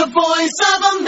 The Voice of man.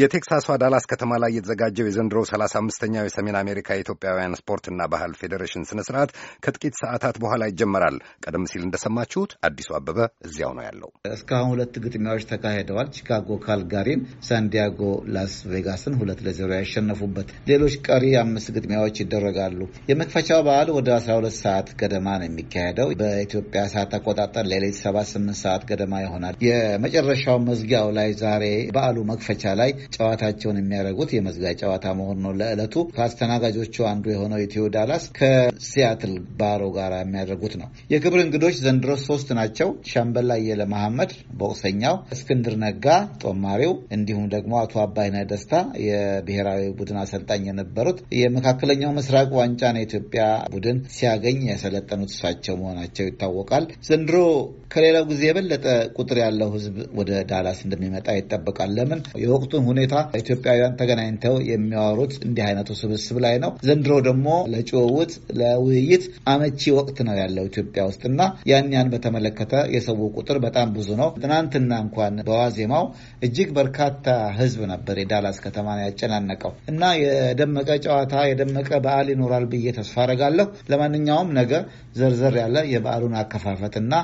የቴክሳሷ ዳላስ ከተማ ላይ የተዘጋጀው የዘንድሮው ሰላሳ አምስተኛው የሰሜን አሜሪካ የኢትዮጵያውያን ስፖርትና ባህል ፌዴሬሽን ስነ ስርዓት ከጥቂት ሰዓታት በኋላ ይጀመራል። ቀደም ሲል እንደሰማችሁት አዲሱ አበበ እዚያው ነው ያለው። እስካሁን ሁለት ግጥሚያዎች ተካሂደዋል። ቺካጎ ካልጋሪን፣ ሳንዲያጎ ላስ ቬጋስን ሁለት ለዜሮ ያሸነፉበት፣ ሌሎች ቀሪ አምስት ግጥሚያዎች ይደረጋሉ። የመክፈቻው በዓል ወደ 12 ሰዓት ገደማ ነው የሚካሄደው። በኢትዮጵያ ሰዓት አቆጣጠር ሌሊት 78 ሰዓት ገደማ ይሆናል። የመጨረሻው መዝጊያው ላይ ዛሬ በዓሉ መክፈቻ ላይ ጨዋታቸውን የሚያደርጉት የመዝጋ ጨዋታ መሆን ነው። ለዕለቱ ከአስተናጋጆቹ አንዱ የሆነው ኢትዮ ዳላስ ከሲያትል ባሮ ጋር የሚያደርጉት ነው። የክብር እንግዶች ዘንድሮ ሶስት ናቸው። ሻምበል አየለ መሐመድ ቦክሰኛው፣ እስክንድር ነጋ ጦማሪው፣ እንዲሁም ደግሞ አቶ አባይነ ደስታ የብሔራዊ ቡድን አሰልጣኝ የነበሩት የመካከለኛው ምስራቅ ነው የኢትዮጵያ ቡድን ሲያገኝ ያሰለጠኑት እሳቸው መሆናቸው ይታወቃል። ዘንድሮ ከሌላው ጊዜ የበለጠ ቁጥር ያለው ህዝብ ወደ ዳላስ እንደሚመጣ ይጠበቃል። ለምን? የወቅቱን ሁኔታ ሁኔታ ኢትዮጵያውያን ተገናኝተው የሚያወሩት እንዲህ አይነቱ ስብስብ ላይ ነው። ዘንድሮ ደግሞ ለጭውውት ለውይይት አመቺ ወቅት ነው ያለው ኢትዮጵያ ውስጥ እና ያን ያን በተመለከተ የሰው ቁጥር በጣም ብዙ ነው። ትናንትና እንኳን በዋዜማው እጅግ በርካታ ህዝብ ነበር የዳላስ ከተማ ያጨናነቀው እና የደመቀ ጨዋታ የደመቀ በዓል ይኖራል ብዬ ተስፋ አረጋለሁ። ለማንኛውም ነገ ዘርዘር ያለ የበዓሉን አከፋፈትና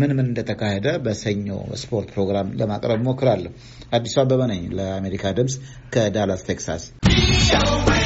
ምን ምን እንደተካሄደ በሰኞ ስፖርት ፕሮግራም ለማቅረብ ሞክራለሁ። አዲሱ አበበ ነኝ። የአሜሪካ ድምፅ ከዳላስ ቴክሳስ